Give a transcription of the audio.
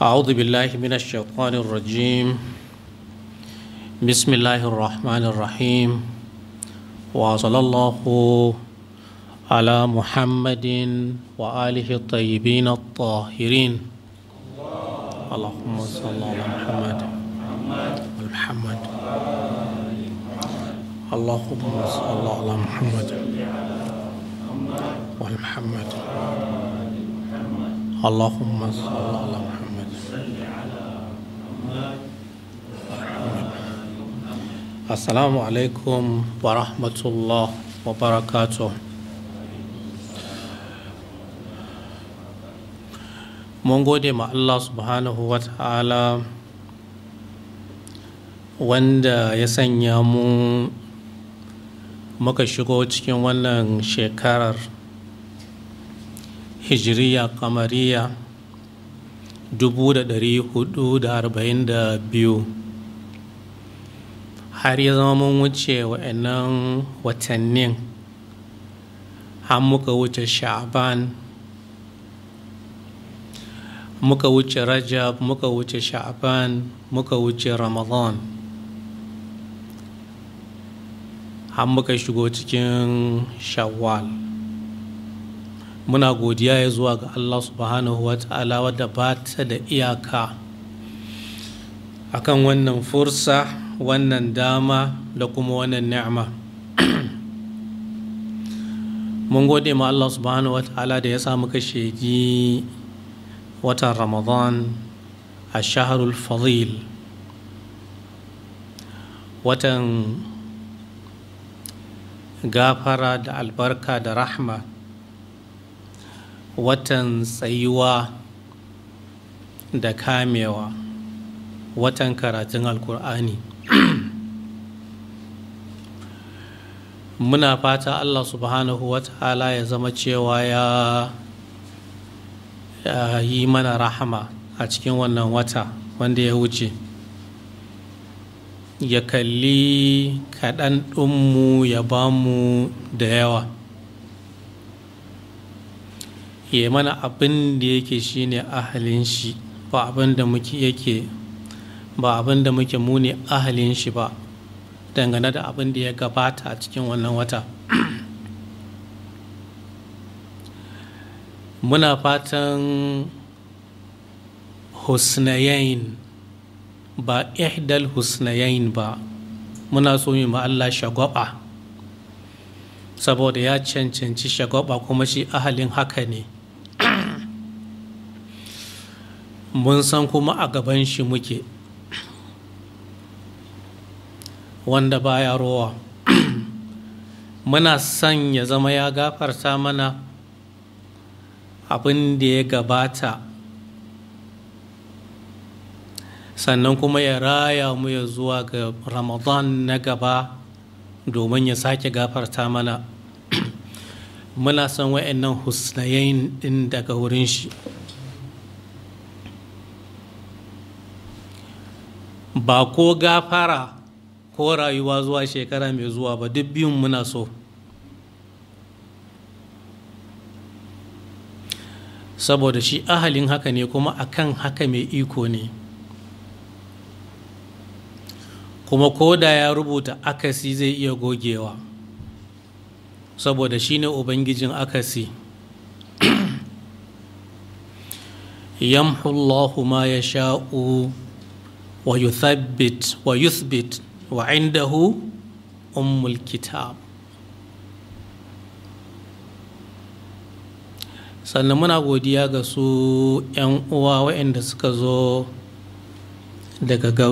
أعوذ بالله من الشيطان الرجيم بسم الله الرحمن الرحيم وصلى الله على محمد وآله الطيبين الطاهرين اللهم صل على محمد محمد اللهم صل على محمد والمحمد اللهم صل على محمد assalamu alaikum wa rahmatullah wa barakatuh mun gode ma Allah subhanahu wa ta'ala wanda ya sanya mu muka shigo cikin wannan shekarar hijiriya kamariya biyu. har ya zama mun wuce wa'annan watannin har muka wuce sha'aban muka wuce rajab muka wuce sha'aban muka wuce ramadan har muka shigo cikin shawwal muna godiya ya zuwa ga allah subhanahu wa ta'ala wadda ba ta da iyaka akan wannan fursa wannan dama da kuma wannan ni'ama mun gode ma Allah subhanahu wa ta'ala da ya samu kashe ji watan ramadan a shaharul fadil watan gafara da albarka da rahma watan tsayuwa da kamewa watan karatun alkur'ani muna fata allah subhanahu wa ta'ala ya zama cewa ya yi mana rahama a cikin wannan wata wanda ya wuce ya kalli kaɗan ɗinmu ya ba mu da yawa ya mana abin da yake shine ahalin shi ba abin da muke yake ba abin da muke muni ahalin shi ba dangane da abin da ya gabata a cikin wannan wata muna fatan husnayain ba ihdal husnayain ba muna so mu Allah shagwaba saboda ya cancanci shagwaba kuma shi ahalin haka ne mun san kuma a gaban shi muke wanda baya rowa muna son ya zama ya gafarta mana abin da ya gabata sannan kuma ya raya mu ya zuwa ga ramadan na gaba domin ya sake gafarta mana muna son wa'annan husnayen din daga wurin shi ba ko gafara ko rayuwa zuwa shekara mai zuwa ba duk biyun muna so saboda shi ahalin haka ne kuma akan haka mai iko ne kuma ko da ya rubuta akasi zai iya gogewa saboda shi ne ubangijin akasi yamhullahu ma ya sha'u wa yuthbit wa indahu ummul kitab sannan muna godiya ga su 'yan uwa waɗanda suka zo daga gauru